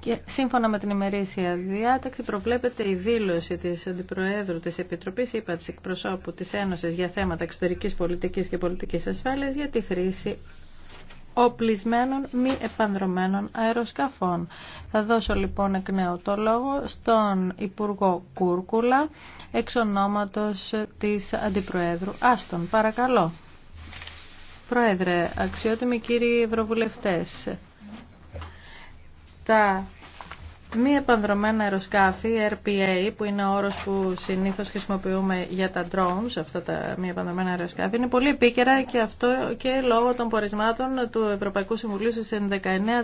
Και σύμφωνα με την ημερήσια διάταξη προβλέπεται η δήλωση της Αντιπροέδρου της Επιτροπής είπα της εκπροσώπου της Ένωσης για θέματα εξωτερικής πολιτικής και πολιτικής ασφάλειας για τη χρήση οπλισμένων μη επανδρομένων αεροσκαφών. Θα δώσω λοιπόν εκ νέου το λόγο στον Υπουργό Κούρκουλα εξ ονόματος της Αντιπροέδρου Άστον. Παρακαλώ. Πρόεδρε, αξιότιμοι κύριοι Ευρωβουλευτές, τα μη επανδρομένα αεροσκάφη, RPA, που είναι ο όρος που συνήθως χρησιμοποιούμε για τα drones, αυτά τα μη επανδρομένα αεροσκάφη, είναι πολύ επίκαιρα και αυτό και λόγω των πορισμάτων του Ευρωπαϊκού Συμβουλίου στις 19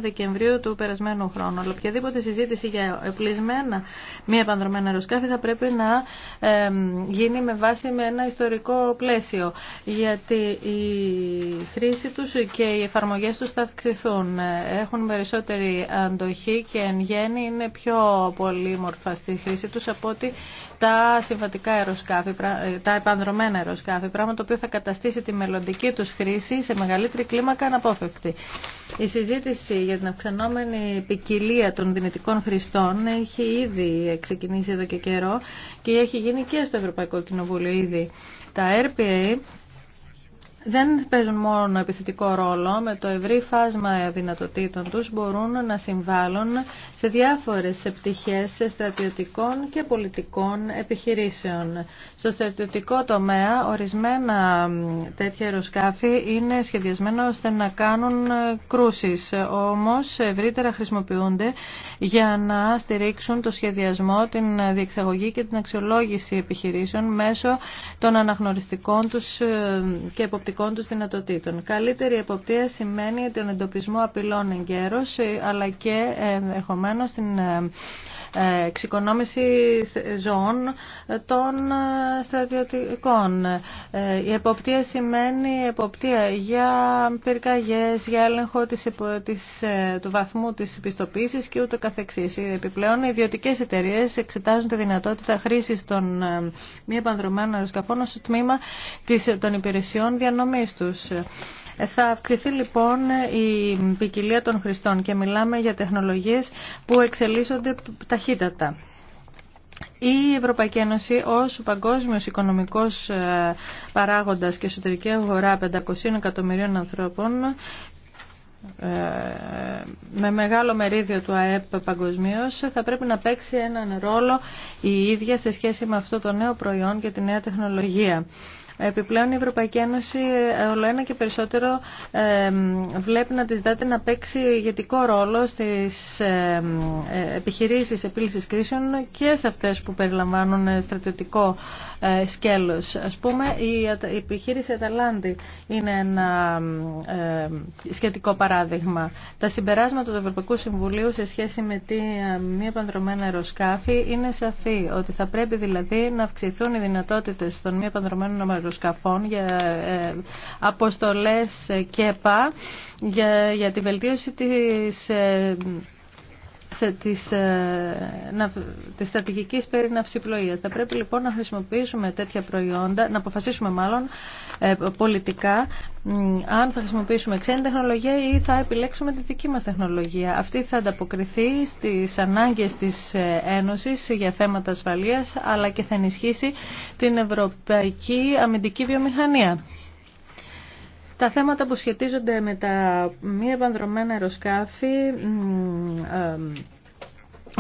Δεκεμβρίου του περασμένου χρόνου. Αλλά οποιαδήποτε συζήτηση για επλισμένα μη επανδρομένα αεροσκάφη θα πρέπει να γίνει με βάση με ένα ιστορικό πλαίσιο, γιατί η χρήση τους και οι εφαρμογές τους θα αυξηθούν. Έχουν περισσότερη αντοχή και εν γέννη είναι πιο πολύμορφα στη χρήση τους από ότι τα συμβατικά αεροσκάφη, ε, τα επανδρομένα αεροσκάφη, πράγμα το οποίο θα καταστήσει τη μελλοντική τους χρήση σε μεγαλύτερη κλίμακα αναπόφευκτη. Η συζήτηση για την αυξανόμενη ποικιλία των δυνητικών χρηστών έχει ήδη ξεκινήσει εδώ και καιρό και έχει γίνει και στο Ευρωπαϊκό Κοινοβούλιο ήδη. Τα RPA δεν παίζουν μόνο επιθετικό ρόλο, με το ευρύ φάσμα δυνατοτήτων τους μπορούν να συμβάλλουν σε διάφορες επιτυχίες στρατιωτικών και πολιτικών επιχειρήσεων. Στο στρατιωτικό τομέα ορισμένα τέτοια αεροσκάφη είναι σχεδιασμένα ώστε να κάνουν ε, κρούσεις, όμως ευρύτερα χρησιμοποιούνται για να στηρίξουν το σχεδιασμό, την διεξαγωγή και την αξιολόγηση επιχειρήσεων μέσω των αναγνωριστικών τους ε, και δικών του δυνατοτήτων. Καλύτερη εποπτεία σημαίνει τον εντοπισμό απειλών εγκαίρω, ε, αλλά και ε, ενδεχομένω την ε, εξοικονόμηση ζωών των ε, στρατιωτικών. Ε, η εποπτεία σημαίνει εποπτεία για πυρκαγιές, για έλεγχο ε, του βαθμού της πιστοποίησης και ούτω καθεξής. Επιπλέον, οι ιδιωτικές εταιρείες εξετάζουν τη δυνατότητα χρήσης των μη επανδρομένων αεροσκαφών ως τμήμα της, των υπηρεσιών διανομής τους. Θα αυξηθεί λοιπόν η ποικιλία των χρηστών και μιλάμε για τεχνολογίες που εξελίσσονται ταχύτερα ταχύτατα. Η Ευρωπαϊκή Ένωση ως παγκόσμιος οικονομικός ε, παράγοντας και εσωτερική αγορά 500 εκατομμυρίων ανθρώπων ε, με μεγάλο μερίδιο του ΑΕΠ παγκοσμίω θα πρέπει να παίξει έναν ρόλο η ίδια σε σχέση με αυτό το νέο προϊόν και τη νέα τεχνολογία. Επιπλέον η Ευρωπαϊκή Ένωση ε, όλο ένα και περισσότερο ε, βλέπει να τη ζητάτε να παίξει ηγετικό ρόλο στις ε, επιχειρήσεις επίλυσης κρίσεων και σε αυτές που περιλαμβάνουν στρατιωτικό σκέλος. Ας πούμε η επιχείρηση Αταλάντη είναι ένα σχετικό παράδειγμα. Τα συμπεράσματα του Ευρωπαϊκού Συμβουλίου σε σχέση με τη μη επανδρομένα αεροσκάφη είναι σαφή ότι θα πρέπει δηλαδή να αυξηθούν οι δυνατότητες των μη επανδρομένων αεροσκαφών, για ε, αποστολές ε, ΚΕΠΑ για, για τη βελτίωση της ε, ε, της, ε, της στρατηγικής περί ναυσιπλοείας. Θα πρέπει λοιπόν να χρησιμοποιήσουμε τέτοια προϊόντα, να αποφασίσουμε μάλλον ε, πολιτικά αν θα χρησιμοποιήσουμε ξένη τεχνολογία ή θα επιλέξουμε τη δική μας τεχνολογία. Αυτή θα ανταποκριθεί στις ανάγκες της Ένωσης για θέματα ασφαλείας αλλά και θα ενισχύσει την ευρωπαϊκή αμυντική βιομηχανία. Τα θέματα που σχετίζονται με τα μη επανδρομένα αεροσκάφη ε,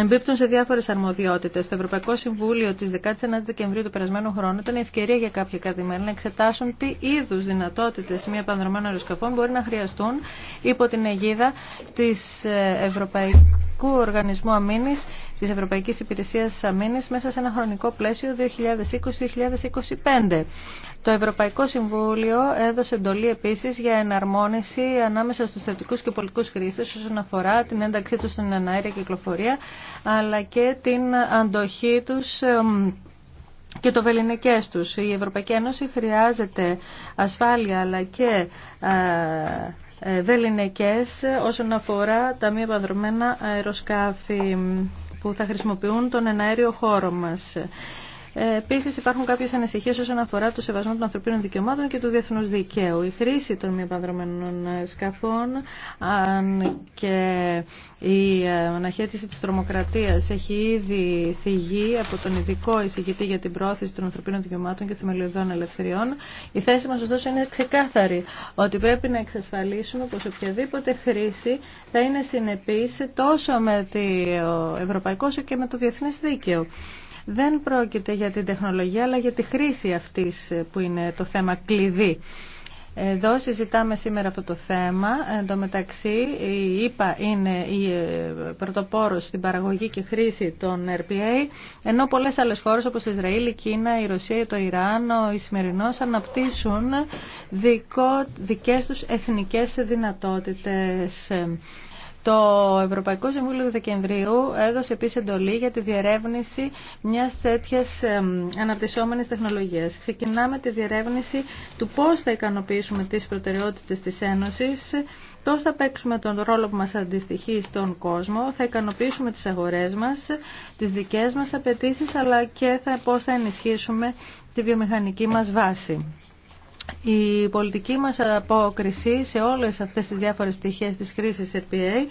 εμπίπτουν σε διάφορε αρμοδιότητε. Το Ευρωπαϊκό Συμβούλιο τη 19η Δεκεμβρίου του περασμένου χρόνου ήταν ευκαιρία για καποια καθημερινά να εξετάσουν τι είδου δυνατότητε μη επανδρομένων αεροσκαφών μπορεί να χρειαστούν υπό την αιγίδα τη ε, Ευρωπαϊκού Οργανισμού Αμήνη της Ευρωπαϊκής Υπηρεσίας Αμήνης μέσα σε ένα χρονικό πλαίσιο 2020-2025. Το Ευρωπαϊκό Συμβούλιο έδωσε εντολή επίση για εναρμόνιση ανάμεσα στους θετικού και πολιτικούς χρήστες όσον αφορά την ένταξή του στην αέρια κυκλοφορία αλλά και την αντοχή τους και το βεληνικές τους. Η Ευρωπαϊκή Ένωση χρειάζεται ασφάλεια αλλά και ε, ε, βεληνικές όσον αφορά τα μη επανδρομένα αεροσκάφη που θα χρησιμοποιούν τον εναέριο χώρο μας. Επίση, υπάρχουν κάποιε ανησυχίε όσον αφορά το σεβασμό των ανθρωπίνων δικαιωμάτων και του διεθνού δικαίου. Η χρήση των μη επανδρομένων σκαφών, αν και η ε, αναχέτηση τη τρομοκρατία έχει ήδη θυγεί από τον ειδικό εισηγητή για την πρόθεση των ανθρωπίνων δικαιωμάτων και θεμελιωδών ελευθεριών, η θέση μα ωστόσο είναι ξεκάθαρη ότι πρέπει να εξασφαλίσουμε πω οποιαδήποτε χρήση θα είναι συνεπή τόσο με το ευρωπαϊκό όσο και με το διεθνέ δίκαιο δεν πρόκειται για την τεχνολογία αλλά για τη χρήση αυτής που είναι το θέμα κλειδί. Εδώ συζητάμε σήμερα αυτό το θέμα. Εν τω μεταξύ, η ΕΠΑ είναι η ε, πρωτοπόρος στην παραγωγή και χρήση των RPA, ενώ πολλές άλλες χώρες όπως η Ισραήλ, η Κίνα, η Ρωσία, το Ιράν, ο Ισημερινός αναπτύσσουν δικό, δικές τους εθνικές δυνατότητες. Το Ευρωπαϊκό Συμβούλιο του Δεκεμβρίου έδωσε επίση εντολή για τη διερεύνηση μια τέτοια αναπτυσσόμενη τεχνολογία. Ξεκινάμε τη διερεύνηση του πώ θα ικανοποιήσουμε τι προτεραιότητε τη Ένωση, πώ θα παίξουμε τον ρόλο που μα αντιστοιχεί στον κόσμο, θα ικανοποιήσουμε τι αγορέ μα, τι δικέ μα απαιτήσει, αλλά και πώ θα ενισχύσουμε τη βιομηχανική μας βάση. Η πολιτική μας απόκριση σε όλες αυτές τις διάφορες πτυχές της κρίσης RPA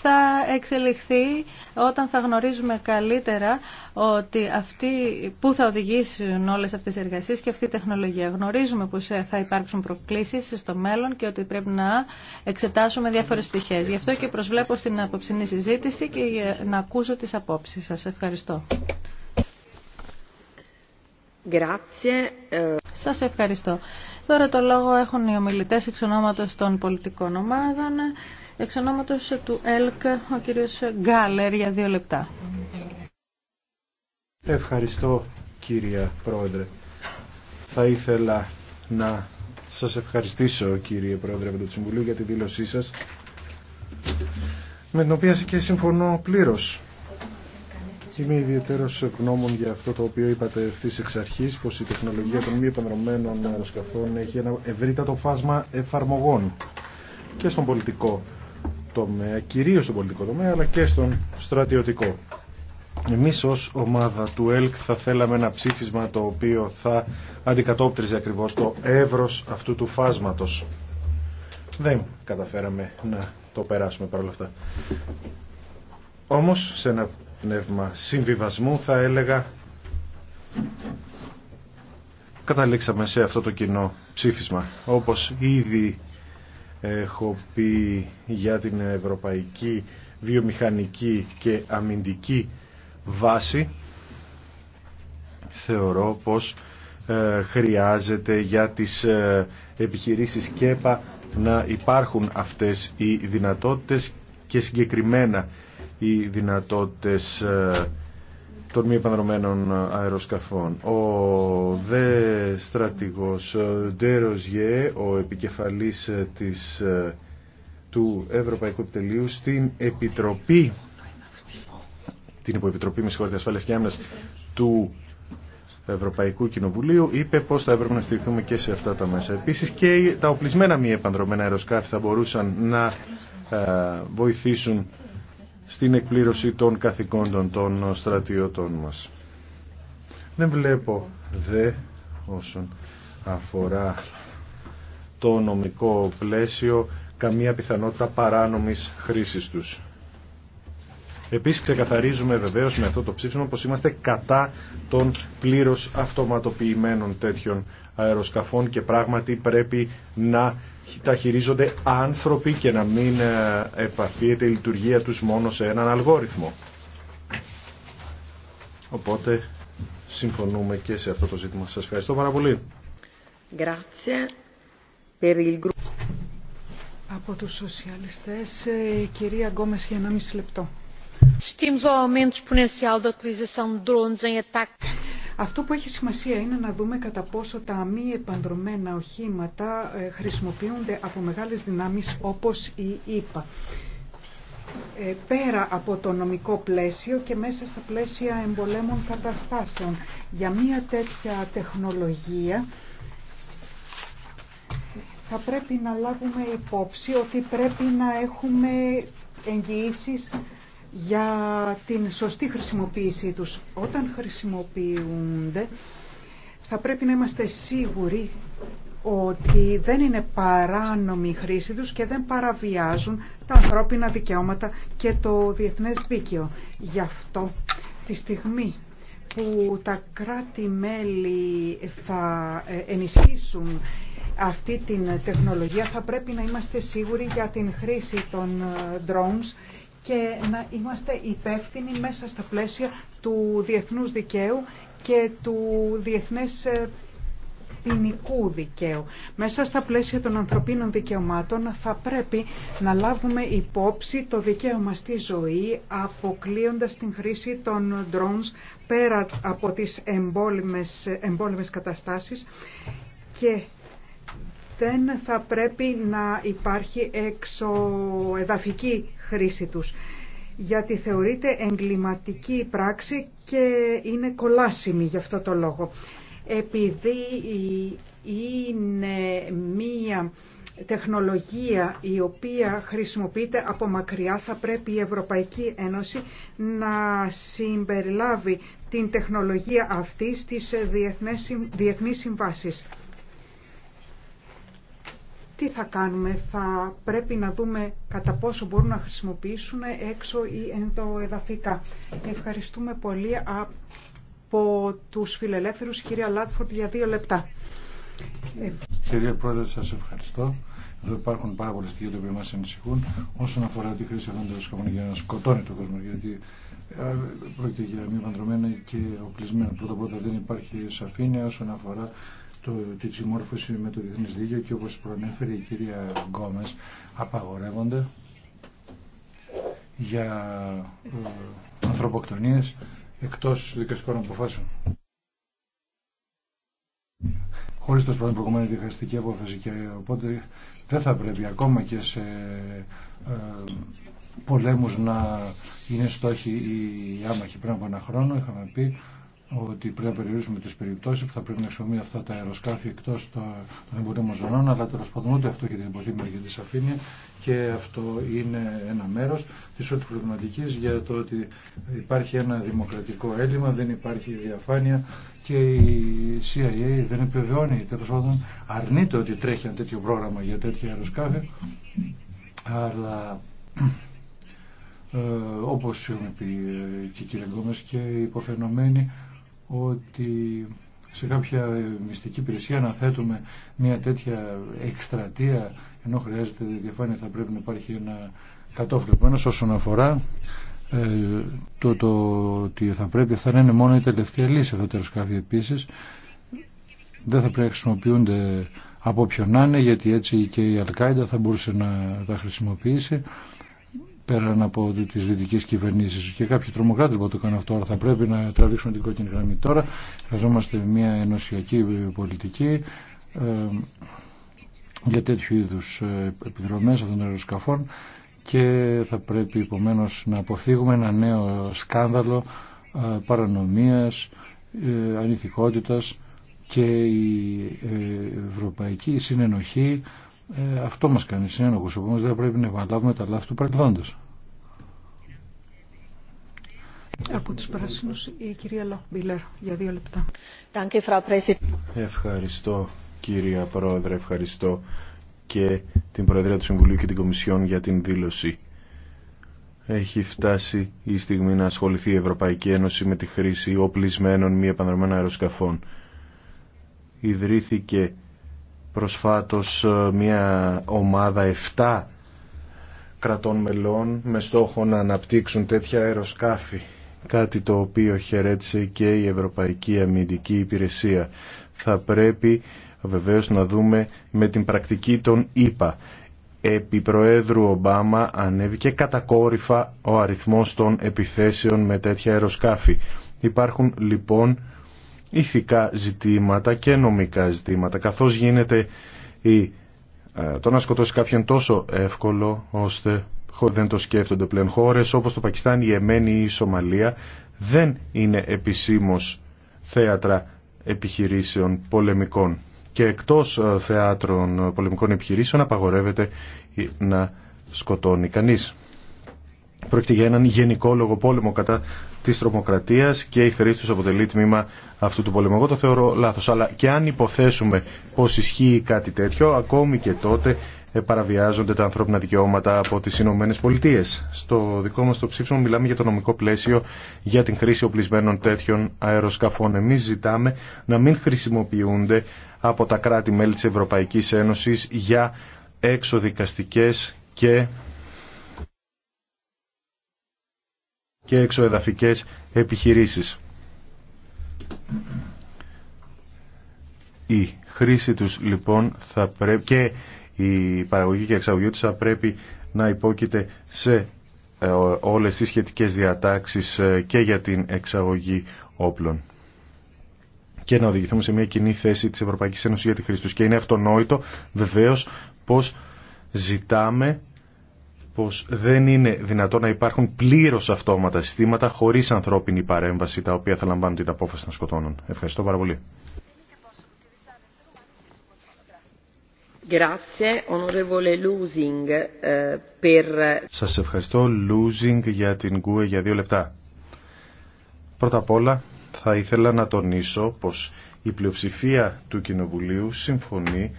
θα εξελιχθεί όταν θα γνωρίζουμε καλύτερα ότι αυτοί που θα οδηγήσουν όλες αυτές οι εργασίες και αυτή η τεχνολογία. Γνωρίζουμε πως ε, θα υπάρξουν προκλήσεις στο μέλλον και ότι πρέπει να εξετάσουμε διάφορες πτυχές. Γι' αυτό και προσβλέπω στην απόψινή συζήτηση και ε, να ακούσω τις απόψεις σας. Ευχαριστώ. Grazie. Ε. Σας ευχαριστώ. Τώρα το λόγο έχουν οι ομιλητές εξ των πολιτικών ομάδων. Εξ του ΕΛΚ, ο κύριος Γκάλερ για δύο λεπτά. Ευχαριστώ κύριε Πρόεδρε. Θα ήθελα να σας ευχαριστήσω κύριε Πρόεδρε από το Συμβουλίο για τη δήλωσή σας με την οποία και συμφωνώ πλήρως. Είμαι ιδιαίτερο ευγνώμων για αυτό το οποίο είπατε ευθύ εξ αρχή, πω η τεχνολογία των μη επανδρομένων αεροσκαφών έχει ένα ευρύτατο φάσμα εφαρμογών και στον πολιτικό τομέα, κυρίω στον πολιτικό τομέα, αλλά και στον στρατιωτικό. Εμείς ως ομάδα του ΕΛΚ θα θέλαμε ένα ψήφισμα το οποίο θα αντικατόπτριζε ακριβώ το εύρος αυτού του φάσματο. Δεν καταφέραμε να το περάσουμε παρόλα αυτά. Όμως σε ένα πνεύμα συμβιβασμού θα έλεγα καταλήξαμε σε αυτό το κοινό ψήφισμα. Όπως ήδη έχω πει για την ευρωπαϊκή βιομηχανική και αμυντική βάση θεωρώ πως ε, χρειάζεται για τις ε, επιχειρήσεις ΚΕΠΑ να υπάρχουν αυτές οι δυνατότητες και συγκεκριμένα οι δυνατότητες ε, των μη επανδρομένων αεροσκαφών. Ο δε στρατηγός Ντέρος ο επικεφαλής ε, της, ε, του Ευρωπαϊκού Επιτελείου στην Επιτροπή την Υποεπιτροπή με ασφάλειας και άμυνας του Ευρωπαϊκού Κοινοβουλίου είπε πως θα έπρεπε να στηριχθούμε και σε αυτά τα μέσα. Επίσης και τα οπλισμένα μη επανδρομένα αεροσκάφη θα μπορούσαν να βοηθήσουν στην εκπλήρωση των καθηκόντων των στρατιωτών μας. Δεν βλέπω δε όσον αφορά το νομικό πλαίσιο καμία πιθανότητα παράνομης χρήσης τους. Επίσης ξεκαθαρίζουμε βεβαίως με αυτό το ψήφισμα πως είμαστε κατά των πλήρως αυτοματοποιημένων τέτοιων αεροσκαφών και πράγματι πρέπει να τα χειρίζονται άνθρωποι και να μην ε, επαφίεται η λειτουργία τους μόνο σε έναν αλγόριθμο. Οπότε συμφωνούμε και σε αυτό το ζήτημα. Σας ευχαριστώ πάρα πολύ. Από τους σοσιαλιστές, ε, η κυρία Γκόμες για μισή λεπτό. Αυτό που έχει σημασία είναι να δούμε κατά πόσο τα μη επανδρομένα οχήματα ε, χρησιμοποιούνται από μεγάλες δυνάμεις όπως η ΕΠΑ. Ε, πέρα από το νομικό πλαίσιο και μέσα στα πλαίσια εμπολέμων καταστάσεων. Για μια τέτοια τεχνολογία θα πρέπει να λάβουμε υπόψη ότι πρέπει να έχουμε εγγυήσεις για την σωστή χρησιμοποίησή τους. Όταν χρησιμοποιούνται θα πρέπει να είμαστε σίγουροι ότι δεν είναι παράνομη η χρήση τους και δεν παραβιάζουν τα ανθρώπινα δικαιώματα και το διεθνές δίκαιο. Γι' αυτό τη στιγμή που τα κράτη-μέλη θα ε, ενισχύσουν αυτή την τεχνολογία θα πρέπει να είμαστε σίγουροι για την χρήση των ε, drones και να είμαστε υπεύθυνοι μέσα στα πλαίσια του διεθνούς δικαίου και του διεθνές ε, ποινικού δικαίου. Μέσα στα πλαίσια των ανθρωπίνων δικαιωμάτων θα πρέπει να λάβουμε υπόψη το δικαίωμα στη ζωή αποκλείοντας την χρήση των drones πέρα από τις εμπόλυμες καταστάσει. καταστάσεις και δεν θα πρέπει να υπάρχει εξωεδαφική χρήση τους γιατί θεωρείται εγκληματική πράξη και είναι κολάσιμη γι' αυτό το λόγο. Επειδή είναι μία τεχνολογία η οποία χρησιμοποιείται από μακριά θα πρέπει η Ευρωπαϊκή Ένωση να συμπεριλάβει την τεχνολογία αυτή στις διεθνείς συμβάσεις τι θα κάνουμε, θα πρέπει να δούμε κατά πόσο μπορούν να χρησιμοποιήσουν έξω ή ενδοεδαφικά. Ευχαριστούμε πολύ από τους φιλελεύθερους, κυρία Λάτφορντ, για δύο λεπτά. Ε, κυρία Πρόεδρε, σας ευχαριστώ. Εδώ υπάρχουν πάρα πολλέ στοιχεία που μα ανησυχούν όσον αφορά τη χρήση αυτών των δρασκόμενων για να σκοτώνει τον κόσμο. Γιατί ε, πρόκειται για μη παντρωμένα και οπλισμένα. Πρώτα-πρώτα δεν υπάρχει σαφήνεια όσον αφορά το, τη συμμόρφωση με το διεθνές δίκαιο και όπως προανέφερε η κυρία Γκόμες απαγορεύονται για ε, ανθρωποκτονίες εκτός δικαστικών αποφάσεων. Χωρίς το σπάνιο προηγουμένη διχαστική απόφαση και οπότε δεν θα πρέπει ακόμα και σε ε, πολέμους να είναι στόχοι οι άμαχοι. Πριν από ένα χρόνο είχαμε πει ότι πρέπει να περιορίσουμε τις περιπτώσεις που θα πρέπει να χρησιμοποιούν αυτά τα αεροσκάφη εκτός των εμπορικών ζωνών, αλλά τέλο πάντων ούτε αυτό για την υποθεί και τη σαφήνεια και αυτό είναι ένα μέρο τη όλης προβληματική για το ότι υπάρχει ένα δημοκρατικό έλλειμμα, δεν υπάρχει διαφάνεια και η CIA δεν επιβεβαιώνει, τέλο πάντων αρνείται ότι τρέχει ένα τέτοιο πρόγραμμα για τέτοια αεροσκάφη, αλλά ε, όπως η πει και οι και οι υποφαινομένοι, ότι σε κάποια μυστική υπηρεσία να θέτουμε μια τέτοια εκστρατεία ενώ χρειάζεται διαφάνεια θα πρέπει να υπάρχει ένα κατόφλεπο. Ένας όσον αφορά ε, το, το ότι θα πρέπει αυτά να είναι μόνο η τελευταία λύση εδώ τέλος αεροσκάφη επίσης δεν θα πρέπει να χρησιμοποιούνται από ποιον να είναι γιατί έτσι και η Αλκάιντα θα μπορούσε να τα χρησιμοποιήσει πέραν από τι δυτικέ κυβερνήσει. Και κάποιοι τρομοκράτε που το κάνουν αυτό, θα πρέπει να τραβήξουν την κόκκινη γραμμή τώρα. Χρειαζόμαστε μια ενωσιακή πολιτική ε, για τέτοιου είδου ε, επιδρομέ αυτών των αεροσκαφών και θα πρέπει επομένω να αποφύγουμε ένα νέο σκάνδαλο ε, παρανομία, ε, και η ε, ευρωπαϊκή συνενοχή ε, αυτό μας κάνει συνένοχος, οπότε δεν πρέπει να επαναλάβουμε τα λάθη του παρελθόντος. Από τους Πράσινους, η κυρία για δύο λεπτά. Ευχαριστώ κυρία Πρόεδρε, ευχαριστώ και την Προεδρία του Συμβουλίου και την Κομισιόν για την δήλωση. Έχει φτάσει η στιγμή να ασχοληθεί η Ευρωπαϊκή Ένωση με τη χρήση οπλισμένων μη επανδρομένων αεροσκαφών. Ιδρύθηκε προσφάτως ε, μια ομάδα 7 κρατών μελών με στόχο να αναπτύξουν τέτοια αεροσκάφη κάτι το οποίο χαιρέτησε και η Ευρωπαϊκή Αμυντική Υπηρεσία. Θα πρέπει βεβαίως να δούμε με την πρακτική των ΙΠΑ. Επί Προέδρου Ομπάμα ανέβηκε κατακόρυφα ο αριθμός των επιθέσεων με τέτοια αεροσκάφη. Υπάρχουν λοιπόν ηθικά ζητήματα και νομικά ζητήματα, καθώς γίνεται η, ε, το να σκοτώσει κάποιον τόσο εύκολο ώστε δεν το σκέφτονται πλέον χώρες όπως το Πακιστάν, η Εμένη ή η Σομαλία δεν είναι επισήμως θέατρα επιχειρήσεων πολεμικών και εκτός ε, θεάτρων πολεμικών επιχειρήσεων απαγορεύεται να σκοτώνει κανείς. Πρόκειται για έναν γενικό λόγο πόλεμο κατά τη τρομοκρατία και η χρήση του αποτελεί τμήμα αυτού του πολέμου. Εγώ το θεωρώ λάθο. Αλλά και αν υποθέσουμε πω ισχύει κάτι τέτοιο, ακόμη και τότε ε, παραβιάζονται τα ανθρώπινα δικαιώματα από τι Ηνωμένε Πολιτείε. Στο δικό μα το ψήφισμα μιλάμε για το νομικό πλαίσιο για την χρήση οπλισμένων τέτοιων αεροσκαφών. Εμεί ζητάμε να μην χρησιμοποιούνται από τα κράτη-μέλη τη Ευρωπαϊκή Ένωση για εξοδικαστικέ και και εξοεδαφικές επιχειρήσεις. Η χρήση τους λοιπόν θα πρέπει και η παραγωγή και εξαγωγή τους θα πρέπει να υπόκειται σε ε, όλες τις σχετικές διατάξεις ε, και για την εξαγωγή όπλων και να οδηγηθούμε σε μια κοινή θέση της Ευρωπαϊκής Ένωσης για τη χρήση τους. Και είναι αυτονόητο βεβαίως πως ζητάμε πως δεν είναι δυνατόν να υπάρχουν πλήρως αυτόματα συστήματα χωρίς ανθρώπινη παρέμβαση τα οποία θα λαμβάνουν την απόφαση να σκοτώνουν. Ευχαριστώ πάρα πολύ. Eh, Σας ευχαριστώ, Λούζινγκ, για την ΚΟΕ για δύο λεπτά. Πρώτα απ' όλα θα ήθελα να τονίσω πως η πλειοψηφία του Κοινοβουλίου συμφωνεί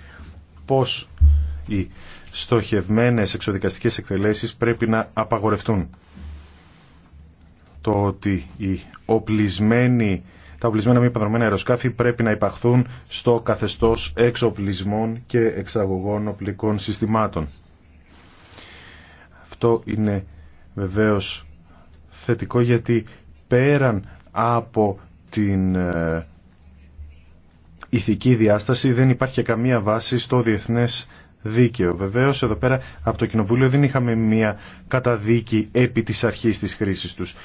πως η στοχευμένες εξοδικαστικές εκτελέσεις πρέπει να απαγορευτούν. Το ότι οι οπλισμένοι, τα οπλισμένα μη πανδρομένα αεροσκάφη πρέπει να υπαχθούν στο καθεστώς εξοπλισμών και εξαγωγών οπλικών συστημάτων. Αυτό είναι βεβαίως θετικό γιατί πέραν από την ε, ηθική διάσταση δεν υπάρχει καμία βάση στο διεθνές δίκαιο. Βεβαίως εδώ πέρα από το Κοινοβούλιο δεν είχαμε μια καταδίκη επί τη αρχής της χρήσης τους.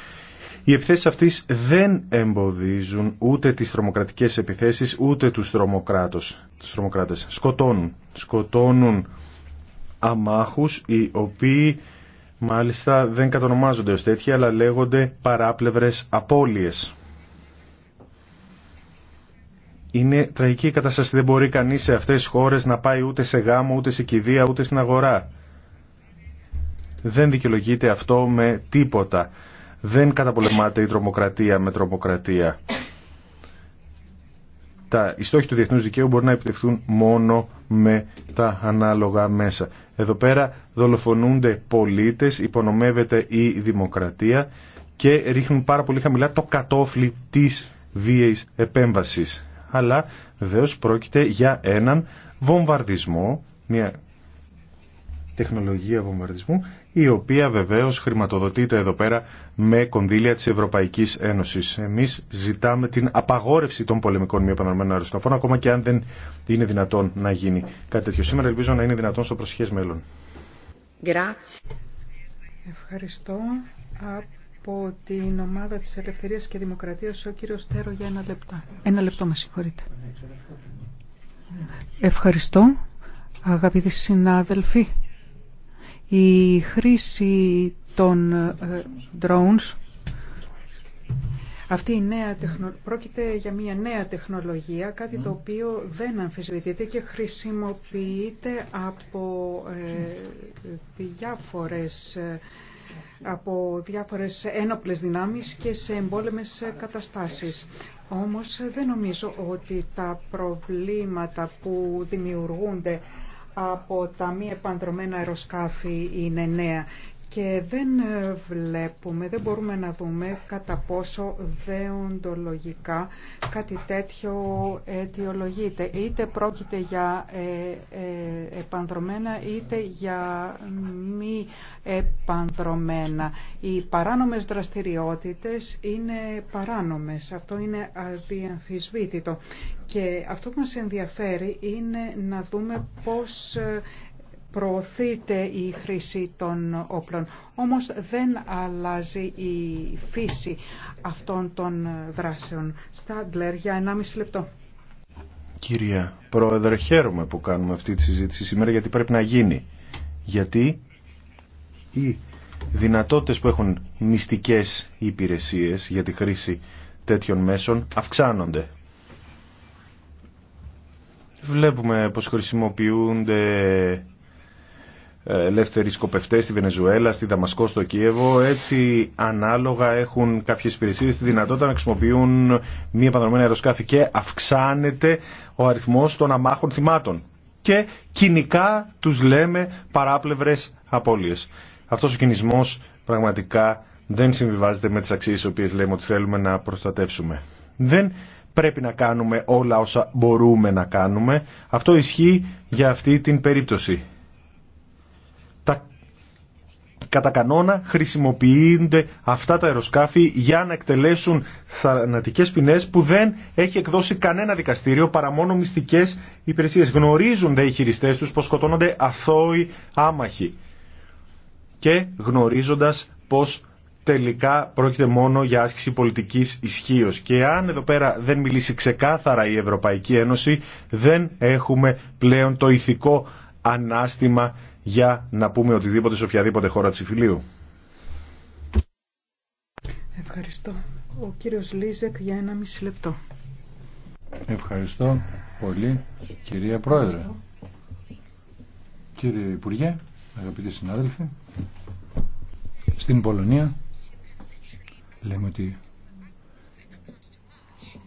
Οι επιθέσει αυτέ δεν εμποδίζουν ούτε τι τρομοκρατικέ επιθέσει, ούτε τους, τρομοκράτε, Σκοτώνουν. Σκοτώνουν αμάχους οι οποίοι μάλιστα δεν κατονομάζονται ω τέτοιοι αλλά λέγονται παράπλευρε απώλειες. Είναι τραγική η κατάσταση. Δεν μπορεί κανεί σε αυτές τις χώρε να πάει ούτε σε γάμο, ούτε σε κηδεία, ούτε στην αγορά. Δεν δικαιολογείται αυτό με τίποτα. Δεν καταπολεμάται η τρομοκρατία με τρομοκρατία. Τα, οι στόχοι του διεθνούς δικαίου μπορεί να επιτευχθούν μόνο με τα ανάλογα μέσα. Εδώ πέρα δολοφονούνται πολίτες, υπονομεύεται η δημοκρατία και ρίχνουν πάρα πολύ χαμηλά το κατόφλι της βίαιης επέμβασης αλλά βεβαίω πρόκειται για έναν βομβαρδισμό, μια τεχνολογία βομβαρδισμού, η οποία βεβαίω χρηματοδοτείται εδώ πέρα με κονδύλια τη Ευρωπαϊκή Ένωση. Εμεί ζητάμε την απαγόρευση των πολεμικών μη επαναρμένων αεροσκαφών, ακόμα και αν δεν είναι δυνατόν να γίνει κάτι τέτοιο. Σήμερα ελπίζω να είναι δυνατόν στο προσχέ μέλλον από την ομάδα της Ελευθερίας και Δημοκρατίας ο κύριος Τέρο για ένα λεπτό. Ένα λεπτό με συγχωρείτε. Ευχαριστώ αγαπητοί συνάδελφοι. Η χρήση των ε, drones αυτή η νέα τεχνο... πρόκειται για μια νέα τεχνολογία, κάτι το ναι. οποίο δεν αμφισβητείται και χρησιμοποιείται από ε, διάφορες ε, από διάφορες ένοπλες δυνάμεις και σε εμπόλεμες καταστάσεις. Όμως δεν νομίζω ότι τα προβλήματα που δημιουργούνται από τα μη επανδρομένα αεροσκάφη είναι νέα και δεν ε, βλέπουμε, δεν μπορούμε να δούμε κατά πόσο δεοντολογικά κάτι τέτοιο αιτιολογείται. Είτε πρόκειται για ε, ε, επανδρομένα είτε για μη επανδρομένα. Οι παράνομες δραστηριότητες είναι παράνομες. Αυτό είναι αδιαμφισβήτητο. Και αυτό που μας ενδιαφέρει είναι να δούμε πώς προωθείται η χρήση των όπλων. Όμως δεν αλλάζει η φύση αυτών των δράσεων. Στάντλερ, για 1,5 λεπτό. Κυρία Πρόεδρε, χαίρομαι που κάνουμε αυτή τη συζήτηση σήμερα γιατί πρέπει να γίνει. Γιατί οι δυνατότητες που έχουν μυστικές υπηρεσίες για τη χρήση τέτοιων μέσων αυξάνονται. Βλέπουμε πως χρησιμοποιούνται ε, ελεύθεροι σκοπευτές στη Βενεζουέλα, στη Δαμασκό, στο Κίεβο. Έτσι ανάλογα έχουν κάποιες υπηρεσίες τη δυνατότητα να χρησιμοποιούν μη επανδρομένα αεροσκάφη και αυξάνεται ο αριθμός των αμάχων θυμάτων. Και κοινικά τους λέμε παράπλευρες απώλειες. Αυτός ο κινησμός πραγματικά δεν συμβιβάζεται με τις αξίες τι οποίε λέμε ότι θέλουμε να προστατεύσουμε. Δεν πρέπει να κάνουμε όλα όσα μπορούμε να κάνουμε. Αυτό ισχύει για αυτή την περίπτωση. Κατά κανόνα χρησιμοποιούνται αυτά τα αεροσκάφη για να εκτελέσουν θανατικές ποινές που δεν έχει εκδώσει κανένα δικαστήριο παρά μόνο μυστικές υπηρεσίες. Γνωρίζουν δε οι χειριστές τους πως σκοτώνονται αθώοι άμαχοι και γνωρίζοντας πως τελικά πρόκειται μόνο για άσκηση πολιτικής ισχύω. Και αν εδώ πέρα δεν μιλήσει ξεκάθαρα η Ευρωπαϊκή Ένωση, δεν έχουμε πλέον το ηθικό ανάστημα για να πούμε οτιδήποτε σε οποιαδήποτε χώρα της Ευχαριστώ. Ο κύριος Λίζεκ για ένα μισή λεπτό. Ευχαριστώ πολύ κυρία Πρόεδρε. Κύριε Υπουργέ, αγαπητοί συνάδελφοι, στην Πολωνία λέμε ότι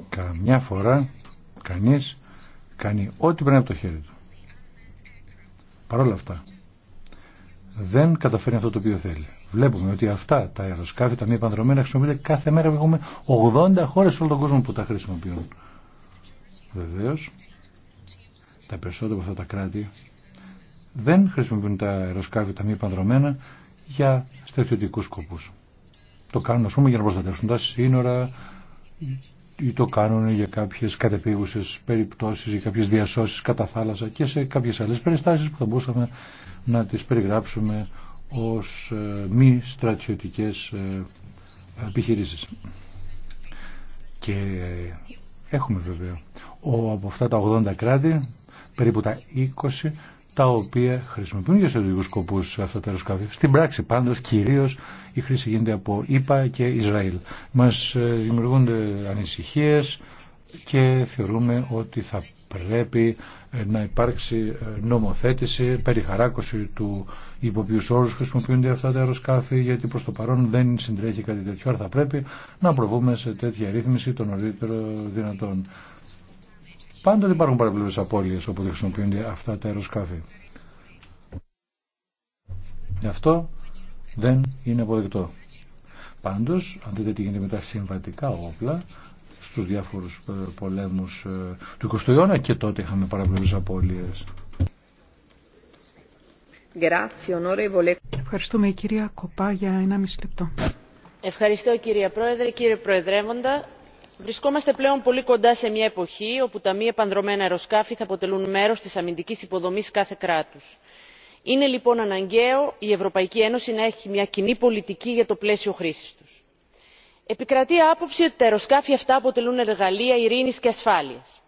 καμιά φορά κανείς κάνει ό,τι πρέπει από το χέρι του. Παρ' όλα αυτά δεν καταφέρει αυτό το οποίο θέλει. Βλέπουμε ότι αυτά τα αεροσκάφη, τα μη επανδρομένα χρησιμοποιούνται κάθε μέρα. Έχουμε 80 χώρε σε όλο τον κόσμο που τα χρησιμοποιούν. Βεβαίω, τα περισσότερα από αυτά τα κράτη δεν χρησιμοποιούν τα αεροσκάφη, τα μη επανδρομένα για στρατιωτικού σκοπού. Το κάνουν, α πούμε, για να προστατεύσουν τα σύνορα ή το κάνουν για κάποιες κατεπίγουσες περιπτώσεις, ή κάποιες διασώσεις κατά θάλασσα και σε κάποιες άλλες περιστάσεις που θα μπορούσαμε να τις περιγράψουμε ως ε, μη στρατιωτικές ε, επιχειρήσεις. Και έχουμε βέβαια ο, από αυτά τα 80 κράτη περίπου τα 20 τα οποία χρησιμοποιούν για στρατηγικού σκοπού αυτά τα αεροσκάφη. Στην πράξη πάντω κυρίω η χρήση γίνεται από ΙΠΑ και Ισραήλ. Μα ε, δημιουργούνται ανησυχίε και θεωρούμε ότι θα πρέπει ε, να υπάρξει ε, νομοθέτηση, περιχαράκωση του υπό ποιου χρησιμοποιούνται αυτά τα αεροσκάφη, γιατί προς το παρόν δεν συντρέχει κάτι τέτοιο, αλλά θα πρέπει να προβούμε σε τέτοια ρύθμιση των νωρίτερο δυνατόν. Πάντοτε υπάρχουν παραπλευρές απώλειες όπου χρησιμοποιούνται αυτά τα αεροσκάφη. Γι' αυτό δεν είναι αποδεκτό. Πάντω, αν δείτε τι γίνεται με τα συμβατικά όπλα, στου διάφορου ε, πολέμου ε, του 20ου αιώνα και τότε είχαμε παραπλευρές απώλειες. Ευχαριστούμε η κυρία Κοπά για μισή λεπτό. Ευχαριστώ κύριε Πρόεδρε, κύριε Προεδρεύοντα βρισκόμαστε πλέον πολύ κοντά σε μια εποχή όπου τα μη επανδρωμένα αεροσκάφη θα αποτελούν μέρος της αμυντικής υποδομής κάθε κράτους. είναι λοιπόν αναγκαίο η ευρωπαϊκή ένωση να έχει μια κοινή πολιτική για το πλαίσιο χρήσης τους. επικρατεί άποψη ότι τα αεροσκάφη αυτά αποτελούν εργαλεία ειρήνης και ασφάλειας.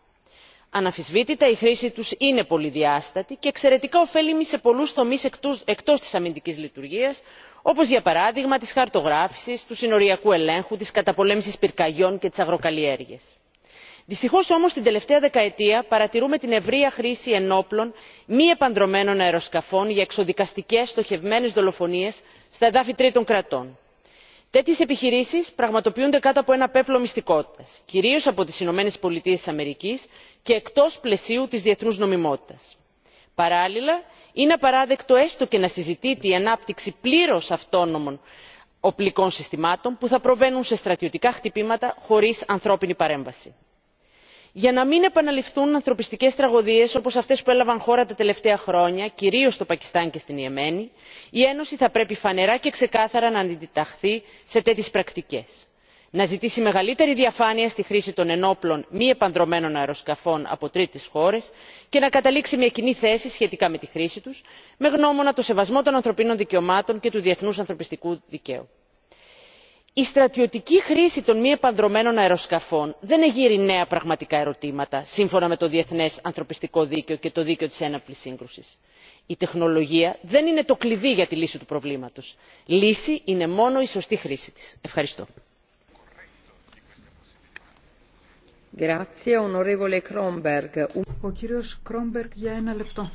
αναμφισβήτητα η χρήση τους είναι πολυδιάστατη και εξαιρετικά ωφέλιμη σε πολλούς τομείς εκτός της αμυντικής λειτουργίας όπω για παράδειγμα τη χαρτογράφηση, του συνοριακού ελέγχου τη καταπολέμησης πυρκαγιών και της αγροκαλλιέργειας. Δυστυχώ όμω την τελευταία δεκαετία παρατηρούμε την ευρεία χρήση ενόπλων μη επανδρωμένων αεροσκαφών για εξοδικαστικές στοχευμένε δολοφονίες στα εδάφη τρίτων κρατών. Τέτοιε επιχειρήσει πραγματοποιούνται κάτω από ένα πέπλο μυστικότητα, κυρίω από τι Ηνωμένε Πολιτείε και εκτό πλαισίου τη διεθνού νομιμότητα παράλληλα είναι απαράδεκτο έστω και να συζητείται η ανάπτυξη πλήρως αυτόνομων οπλικών συστημάτων που θα προβαίνουν σε στρατιωτικά χτυπήματα χωρίς ανθρώπινη παρέμβαση. για να μην επαναληφθούν ανθρωπιστικές τραγωδίες όπως αυτές που έλαβαν χώρα τα τελευταία χρόνια κυρίως στο πακιστάν και στην ιεμένη η ένωση θα πρέπει φανερά και ξεκάθαρα να αντιταχθεί σε τέτοιες πρακτικές να ζητήσει μεγαλύτερη διαφάνεια στη χρήση των ενόπλων μη επανδρωμένων αεροσκαφών από τρίτες χώρες και να καταλήξει μια κοινή θέση σχετικά με τη χρήση τους με γνώμονα το σεβασμό των ανθρωπίνων δικαιωμάτων και του διεθνούς ανθρωπιστικού δικαίου. η στρατιωτική χρήση των μη επανδρωμένων αεροσκαφών δεν εγείρει νέα πραγματικά ερωτήματα σύμφωνα με το διεθνές ανθρωπιστικό δίκαιο και το δίκαιο της έναπλης σύγκρουσης. η τεχνολογία δεν είναι το κλειδί για τη λύση του προβλήματος. λύση είναι μόνο η σωστή χρήση της. ευχαριστώ. Ο κύριος Κρόμπεργκ για ένα λεπτό.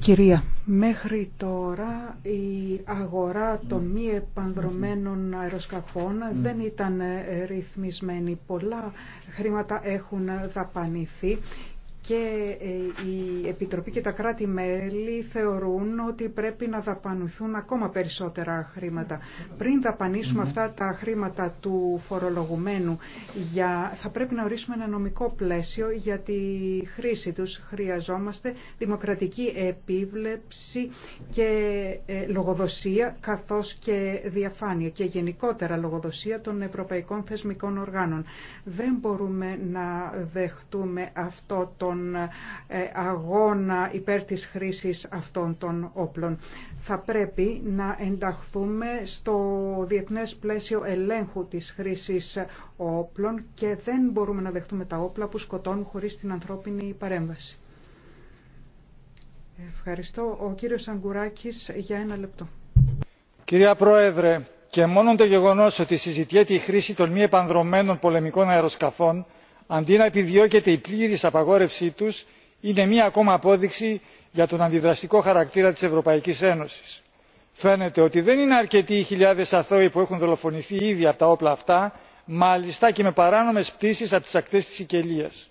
κυρία, μέχρι τώρα η αγορά των μη επανδρομένων αεροσκαφών δεν ήταν ρυθμισμένη. Πολλά χρήματα έχουν δαπανηθεί και ε, η Επιτροπή και τα κράτη-μέλη θεωρούν ότι πρέπει να δαπανηθούν ακόμα περισσότερα χρήματα. Πριν δαπανίσουμε αυτά τα χρήματα του φορολογουμένου, για, θα πρέπει να ορίσουμε ένα νομικό πλαίσιο για τη χρήση τους. Χρειαζόμαστε δημοκρατική επίβλεψη και ε, λογοδοσία, καθώς και διαφάνεια και γενικότερα λογοδοσία των ευρωπαϊκών θεσμικών οργάνων. Δεν μπορούμε να δεχτούμε αυτό το τον ε, αγώνα υπέρ της χρήσης αυτών των όπλων. Θα πρέπει να ενταχθούμε στο διεθνές πλαίσιο ελέγχου της χρήσης όπλων και δεν μπορούμε να δεχτούμε τα όπλα που σκοτώνουν χωρίς την ανθρώπινη παρέμβαση. Ευχαριστώ. Ο κύριος Αγκουράκης για ένα λεπτό. Κυρία Πρόεδρε, και μόνο το γεγονός ότι συζητιέται η χρήση των μη επανδρομένων πολεμικών αεροσκαφών αντί να επιδιώκεται η πλήρης απαγόρευσή τους είναι μια ακόμα απόδειξη για τον αντιδραστικό χαρακτήρα της ευρωπαϊκής ένωσης. φαίνεται ότι δεν είναι αρκετοί οι χιλιάδες αθώοι που έχουν δολοφονηθεί ήδη από τα όπλα αυτά μάλιστα και με παράνομες πτήσεις από τις ακτές της σικελίας.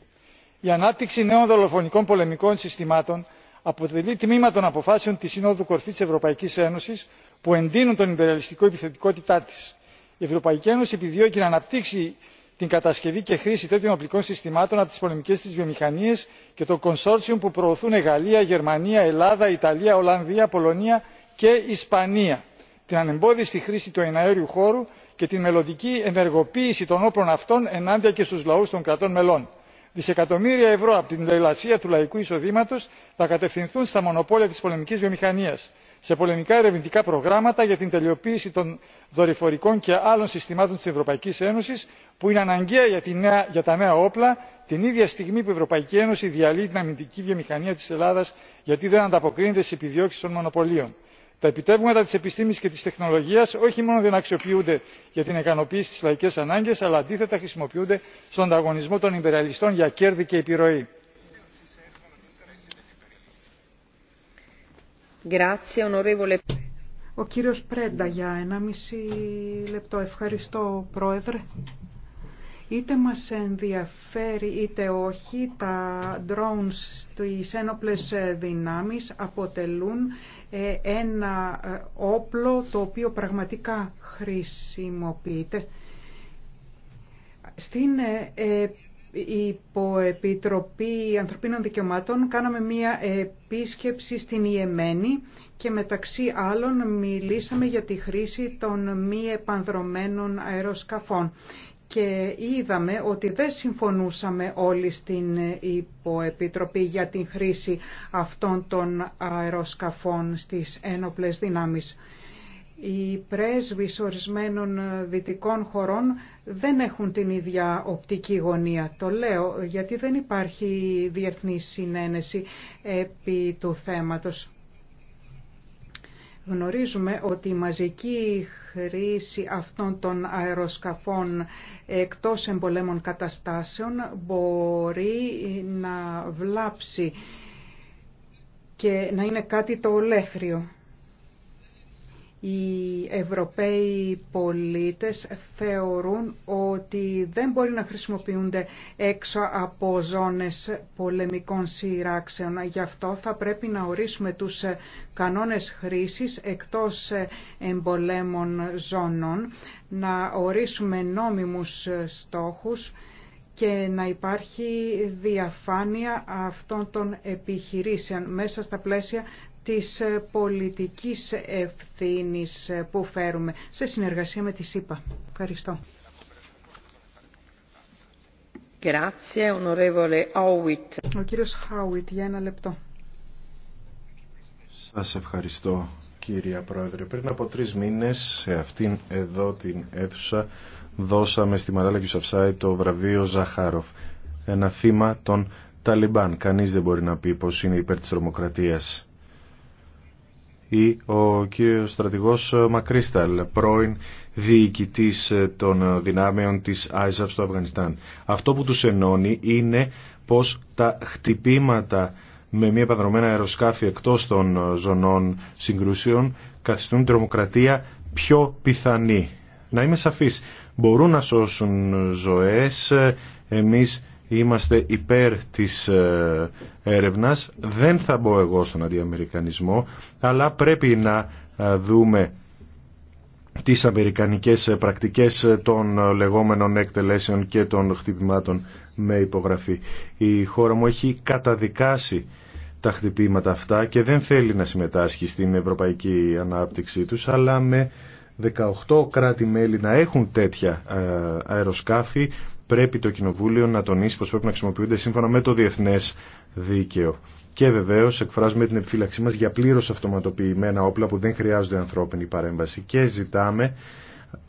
η ανάπτυξη νέων δολοφονικών πολεμικών συστημάτων αποτελεί τμήμα των αποφάσεων της συνόδου κορφής της ευρωπαϊκής ένωσης που εντείνουν τον υπεραλιστικό επιθετικότητά της. η ευρωπαϊκή ένωση επιδιώκει να αναπτύξει την κατασκευή και χρήση τέτοιων οπλικών συστημάτων από τι πολεμικέ τη βιομηχανίε και το consortium που προωθούν γαλλία γερμανία ελλάδα ιταλία ολλανδία πολωνία και ισπανία την ανεμπόδιστη χρήση του εναέριου χώρου και την μελλοντική ενεργοποίηση των όπλων αυτών ενάντια και στου λαού των κρατών μελών. δισεκατομμύρια ευρώ από την λαιλασία του λαϊκού εισοδήματο θα κατευθυνθούν στα μονοπόλια τη πολεμική βιομηχανία σε πολεμικά ερευνητικά προγράμματα για την τελειοποίηση των δορυφορικών και άλλων συστημάτων της ευρωπαϊκής ένωσης που είναι αναγκαία για τα νέα όπλα την ίδια στιγμή που η ευρωπαϊκή ένωση διαλύει την αμυντική βιομηχανία της ελλάδας γιατί δεν ανταποκρίνεται στις επιδιώξεις των μονοπωλίων. τα επιτεύγματα της επιστήμης και της τεχνολογίας όχι μόνο δεν αξιοποιούνται για την ικανοποίηση της λαϊκής ανάγκης αλλά αντίθετα χρησιμοποιούνται στον ανταγωνισμό των υπεραλιστών για κέρδη και επιρροή. Ο κύριος Πρέντα για μισή λεπτό. Ευχαριστώ πρόεδρε. Είτε μας ενδιαφέρει είτε όχι, τα drones στι ένοπλες δυνάμεις αποτελούν ε, ένα ε, όπλο το οποίο πραγματικά χρησιμοποιείται. Στην ε, υποεπιτροπή ανθρωπίνων δικαιωμάτων κάναμε μία επίσκεψη στην Ιεμένη και μεταξύ άλλων μιλήσαμε για τη χρήση των μη επανδρομένων αεροσκαφών και είδαμε ότι δεν συμφωνούσαμε όλοι στην υποεπιτροπή για την χρήση αυτών των αεροσκαφών στις ένοπλες δυνάμεις οι πρέσβεις ορισμένων δυτικών χωρών δεν έχουν την ίδια οπτική γωνία. Το λέω γιατί δεν υπάρχει διεθνή συνένεση επί του θέματος. Γνωρίζουμε ότι η μαζική χρήση αυτών των αεροσκαφών εκτός εμπολέμων καταστάσεων μπορεί να βλάψει και να είναι κάτι το ολέθριο. Οι Ευρωπαίοι πολίτες θεωρούν ότι δεν μπορεί να χρησιμοποιούνται έξω από ζώνες πολεμικών σειράξεων. Γι' αυτό θα πρέπει να ορίσουμε τους κανόνες χρήσης εκτός εμπολέμων ζώνων, να ορίσουμε νόμιμους στόχους και να υπάρχει διαφάνεια αυτών των επιχειρήσεων μέσα στα πλαίσια της ε, πολιτικής ευθύνης ε, που φέρουμε σε συνεργασία με τη ΣΥΠΑ. Ευχαριστώ. Ο κύριος Χάουιτ για ένα λεπτό. Σας ευχαριστώ κύριε Πρόεδρε. Πριν από τρεις μήνες σε αυτήν εδώ την αίθουσα δώσαμε στη Μαράλα Κιουσαφσάη το βραβείο Ζαχάροφ. Ένα θύμα των Ταλιμπάν. Κανείς δεν μπορεί να πει πως είναι υπέρ της τρομοκρατίας ή ο κύριος στρατηγός Μακρίσταλ, πρώην διοικητής των δυνάμεων της ISAF στο Αφγανιστάν. Αυτό που τους ενώνει είναι πως τα χτυπήματα με μια επανδρομένα αεροσκάφη εκτός των ζωνών συγκρούσεων καθιστούν τρομοκρατία πιο πιθανή. Να είμαι σαφής, μπορούν να σώσουν ζωές, εμείς είμαστε υπέρ της ε, έρευνας. Δεν θα μπω εγώ στον αντιαμερικανισμό, αλλά πρέπει να ε, δούμε τις αμερικανικές ε, πρακτικές των λεγόμενων εκτελέσεων και των χτυπημάτων με υπογραφή. Η χώρα μου έχει καταδικάσει τα χτυπήματα αυτά και δεν θέλει να συμμετάσχει στην ευρωπαϊκή ανάπτυξή τους, αλλά με 18 κράτη-μέλη να έχουν τέτοια αεροσκάφη πρέπει το Κοινοβούλιο να τονίσει πως πρέπει να χρησιμοποιούνται σύμφωνα με το διεθνές δίκαιο. Και βεβαίω εκφράζουμε την επιφύλαξή μας για πλήρω αυτοματοποιημένα όπλα που δεν χρειάζονται ανθρώπινη παρέμβαση και ζητάμε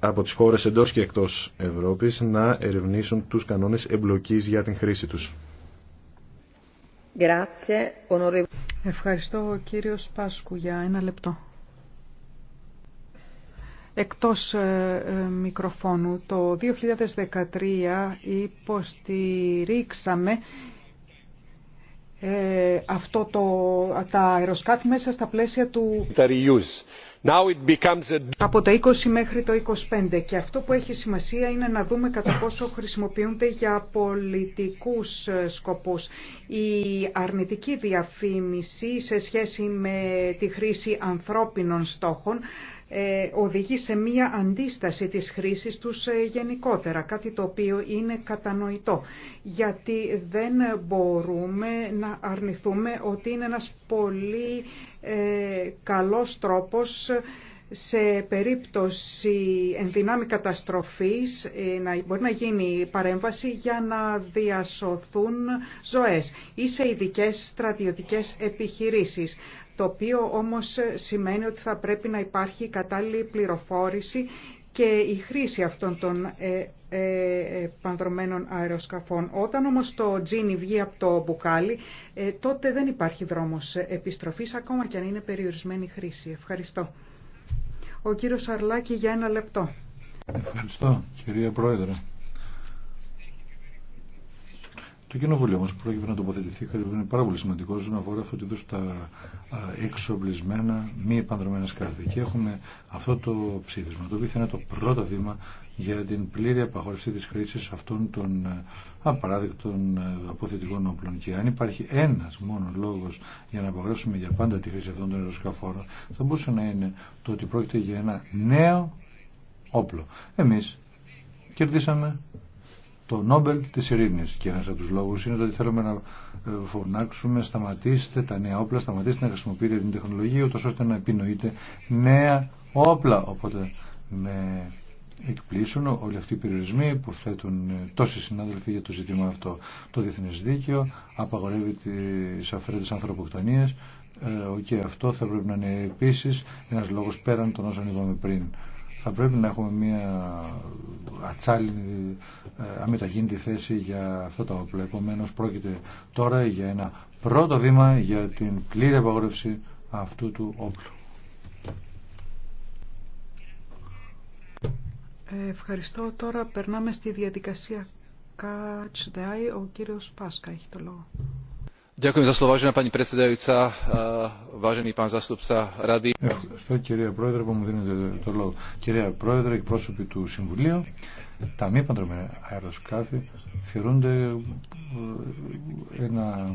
από τις χώρες εντός και εκτός Ευρώπης να ερευνήσουν τους κανόνες εμπλοκής για την χρήση τους. Ευχαριστώ κύριο Σπάσκου για ένα λεπτό εκτός ε, ε, μικροφώνου. Το 2013 υποστηρίξαμε ε, αυτό το, τα αεροσκάφη μέσα στα πλαίσια του Now it a... από το 20 μέχρι το 25 και αυτό που έχει σημασία είναι να δούμε κατά πόσο χρησιμοποιούνται για πολιτικούς ε, σκοπούς. Η αρνητική διαφήμιση σε σχέση με τη χρήση ανθρώπινων στόχων ε, οδηγεί σε μία αντίσταση της χρήσης τους ε, γενικότερα, κάτι το οποίο είναι κατανοητό, γιατί δεν μπορούμε να αρνηθούμε ότι είναι ένας πολύ ε, καλός τρόπος σε περίπτωση ενδυνάμει καταστροφής να, μπορεί να γίνει παρέμβαση για να διασωθούν ζωές ή σε ειδικές στρατιωτικές επιχειρήσεις το οποίο όμως σημαίνει ότι θα πρέπει να υπάρχει κατάλληλη πληροφόρηση και η χρήση αυτών των ε, ε, πανδρομένων αεροσκαφών. Όταν όμως το τζίνι βγει από το μπουκάλι, ε, τότε δεν υπάρχει δρόμος επιστροφής, ακόμα και αν είναι περιορισμένη χρήση. Ευχαριστώ. Ο κύριος Αρλάκη για ένα λεπτό. Ευχαριστώ, κυρία Πρόεδρε. Το κοινοβούλιο όμω πρόκειται να τοποθετηθεί κάτι που είναι πάρα πολύ σημαντικό όσον αφορά αυτό το τα εξοπλισμένα, μη επανδρομένα σκάφη. Και έχουμε αυτό το ψήφισμα, το οποίο θα είναι το πρώτο βήμα για την πλήρη απαγόρευση τη χρήση αυτών των απαράδεκτων αποθετικών όπλων. Και αν υπάρχει ένα μόνο λόγο για να απαγορεύσουμε για πάντα τη χρήση αυτών των αεροσκαφών, θα μπορούσε να είναι το ότι πρόκειται για ένα νέο όπλο. Εμεί κερδίσαμε το Νόμπελ τη Ειρηνή. Και ένα από του λόγου είναι ότι θέλουμε να ε, φωνάξουμε σταματήστε τα νέα όπλα, σταματήστε να χρησιμοποιείτε την τεχνολογία ούτω ώστε να επινοείτε νέα όπλα. Οπότε με εκπλήσουν όλοι αυτοί οι περιορισμοί που θέτουν ε, τόσοι συνάδελφοι για το ζήτημα αυτό. Το διεθνέ Δίκαιο απαγορεύει τις αφαίρετες ανθρωποκτονίες ε, και αυτό θα πρέπει να είναι επίση, ένα λόγο πέραν των όσων είπαμε πριν θα πρέπει να έχουμε μια ατσάλινη ε, αμεταγίνητη θέση για αυτό το όπλο. Επομένω, πρόκειται τώρα για ένα πρώτο βήμα για την πλήρη απαγόρευση αυτού του όπλου. Ευχαριστώ. Τώρα περνάμε στη διαδικασία Catch Ο κύριος Πάσκα έχει το λόγο. Ευχαριστώ κυρία Πρόεδρε που μου δίνετε το λόγο. Κυρία Πρόεδρε, πρόσωποι του Συμβουλίου, τα μη παντρεμένα αεροσκάφη θεωρούνται ένα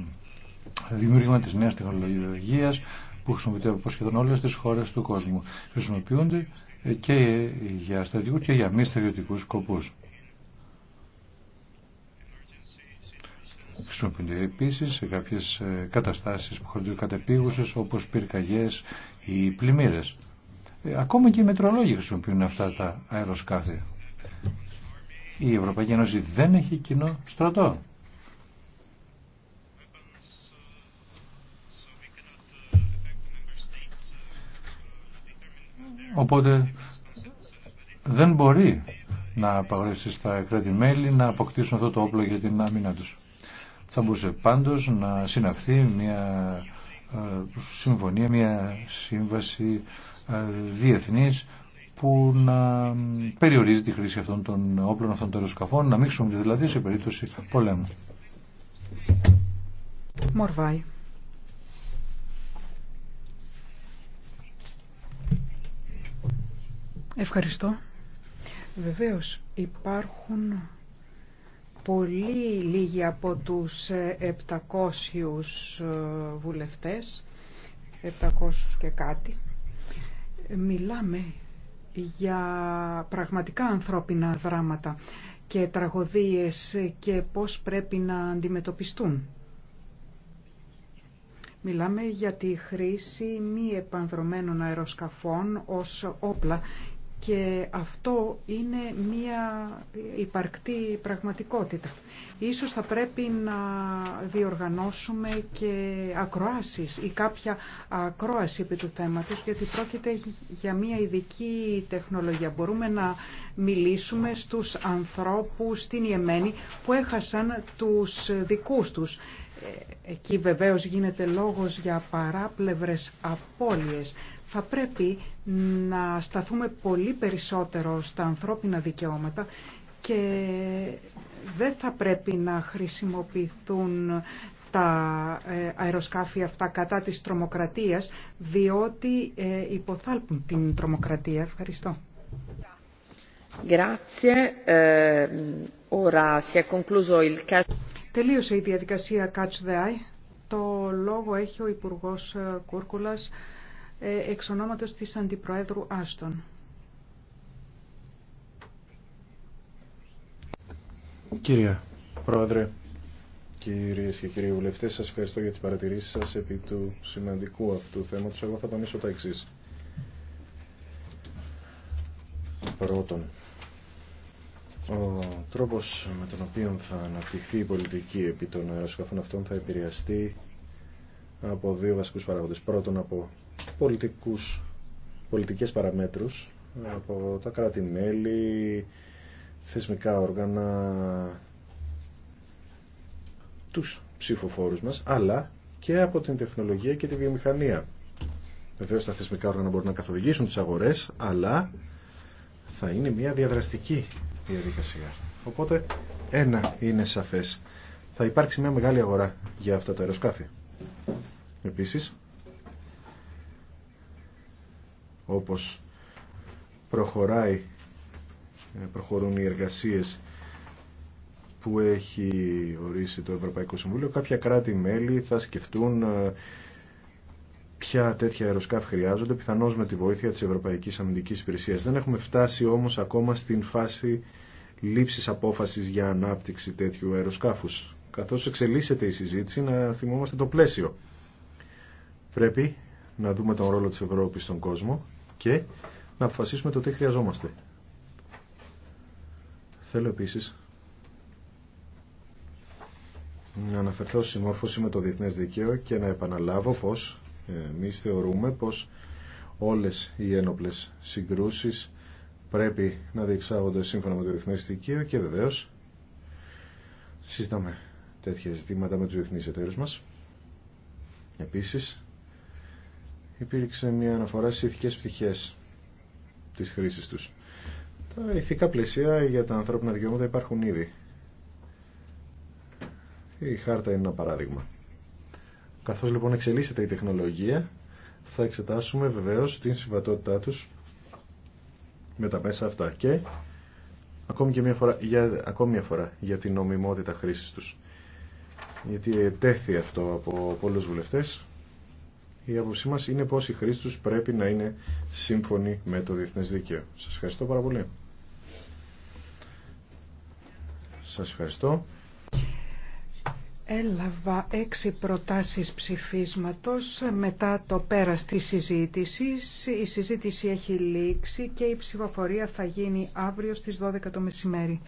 δημιούργημα της νέας τεχνολογίας που χρησιμοποιείται από σχεδόν όλες τις χώρες του κόσμου. Χρησιμοποιούνται και για στρατιωτικούς και για μη στρατιωτικούς σκοπούς. Χρησιμοποιούνται επίση σε κάποιε καταστάσει που χροντίζουν κατεπίγουσε όπω πυρκαγιέ ή πλημμύρε. Ε, Ακόμα και οι μετρολόγοι χρησιμοποιούν αυτά τα αεροσκάφη. Η Ευρωπαϊκή Ένωση δεν έχει κοινό στρατό. Οπότε δεν μπορεί να απαγορεύσει στα κράτη-μέλη να αποκτήσουν αυτό το όπλο για την άμυνα τους. Θα μπορούσε πάντως να συναυθεί μια ε, συμφωνία, μια σύμβαση ε, διεθνής που να περιορίζει τη χρήση αυτών των όπλων, αυτών των αεροσκαφών, να μην δηλαδή σε περίπτωση πολέμου. Μορβάη. Ευχαριστώ. Βεβαίως υπάρχουν πολύ λίγοι από τους 700 ε, βουλευτές, 700 και κάτι, μιλάμε για πραγματικά ανθρώπινα δράματα και τραγωδίες και πώς πρέπει να αντιμετωπιστούν. Μιλάμε για τη χρήση μη επανδρομένων αεροσκαφών ως όπλα και αυτό είναι μια υπαρκτή πραγματικότητα. Ίσως θα πρέπει να διοργανώσουμε και ακροάσεις ή κάποια ακρόαση επί του θέματος γιατί πρόκειται για μια ειδική τεχνολογία. Μπορούμε να μιλήσουμε στους ανθρώπους στην Ιεμένη που έχασαν τους δικούς τους εκεί βεβαίως γίνεται λόγος για παράπλευρες απώλειες. Θα πρέπει να σταθούμε πολύ περισσότερο στα ανθρώπινα δικαιώματα και δεν θα πρέπει να χρησιμοποιηθούν τα ε, αεροσκάφη αυτά κατά της τρομοκρατίας, διότι ε, υποθάλπουν την τρομοκρατία. Ευχαριστώ. Grazie. Ε, ora si è concluso il Τελείωσε η διαδικασία Catch the Eye. Το λόγο έχει ο Υπουργό ε, Κούρκουλας ε, εξ ονόματος της Αντιπροέδρου Άστον. Κύριε Πρόεδρε, κυρίες και κύριοι βουλευτές, σας ευχαριστώ για τις παρατηρήσεις σας επί του σημαντικού αυτού θέματος. Εγώ θα τονίσω τα εξής. Πρώτον, ο τρόπος με τον οποίο θα αναπτυχθεί η πολιτική επί των αεροσκαφών αυτών θα επηρεαστεί από δύο βασικούς παράγοντες. Πρώτον από πολιτικούς, πολιτικές παραμέτρους, από τα κράτη-μέλη, θεσμικά όργανα, τους ψηφοφόρους μας, αλλά και από την τεχνολογία και τη βιομηχανία. Βεβαίω τα θεσμικά όργανα μπορούν να καθοδηγήσουν τις αγορές, αλλά θα είναι μια διαδραστική διαδικασία. Οπότε ένα είναι σαφές. Θα υπάρξει μια μεγάλη αγορά για αυτά τα αεροσκάφη. Επίσης, όπως προχωράει, ε, προχωρούν οι εργασίες που έχει ορίσει το Ευρωπαϊκό Συμβούλιο, κάποια κράτη-μέλη θα σκεφτούν ε, ποια τέτοια αεροσκάφη χρειάζονται, πιθανώς με τη βοήθεια της Ευρωπαϊκής Αμυντικής Υπηρεσία. Δεν έχουμε φτάσει όμως ακόμα στην φάση λήψη απόφαση για ανάπτυξη τέτοιου αεροσκάφου. Καθώς εξελίσσεται η συζήτηση να θυμόμαστε το πλαίσιο. Πρέπει να δούμε τον ρόλο της Ευρώπης στον κόσμο και να αποφασίσουμε το τι χρειαζόμαστε. Θέλω επίση. να αναφερθώ στη μόρφωση με το διεθνέ δίκαιο και να επαναλάβω πως εμείς θεωρούμε πως όλες οι ένοπλες συγκρούσεις πρέπει να διεξάγονται σύμφωνα με το διεθνές και βεβαίως συζητάμε τέτοια ζητήματα με τους διεθνείς εταίρους μας. Επίσης, υπήρξε μια αναφορά στις ηθικές πτυχές της χρήσης τους. Τα ηθικά πλαισία για τα ανθρώπινα δικαιώματα υπάρχουν ήδη. Η χάρτα είναι ένα παράδειγμα. Καθώς λοιπόν εξελίσσεται η τεχνολογία, θα εξετάσουμε βεβαίως την συμβατότητά τους με τα μέσα αυτά και ακόμη, και μια φορά, για, ακόμη φορά για την νομιμότητα χρήσης τους. Γιατί τέθη αυτό από πολλούς βουλευτές. Η άποψή μας είναι πως η χρήση τους πρέπει να είναι σύμφωνη με το διεθνές δίκαιο. Σας ευχαριστώ πάρα πολύ. Σας ευχαριστώ. Έλαβα έξι προτάσεις ψηφίσματος μετά το πέρας της συζήτησης. Η συζήτηση έχει λήξει και η ψηφοφορία θα γίνει αύριο στις 12 το μεσημέρι.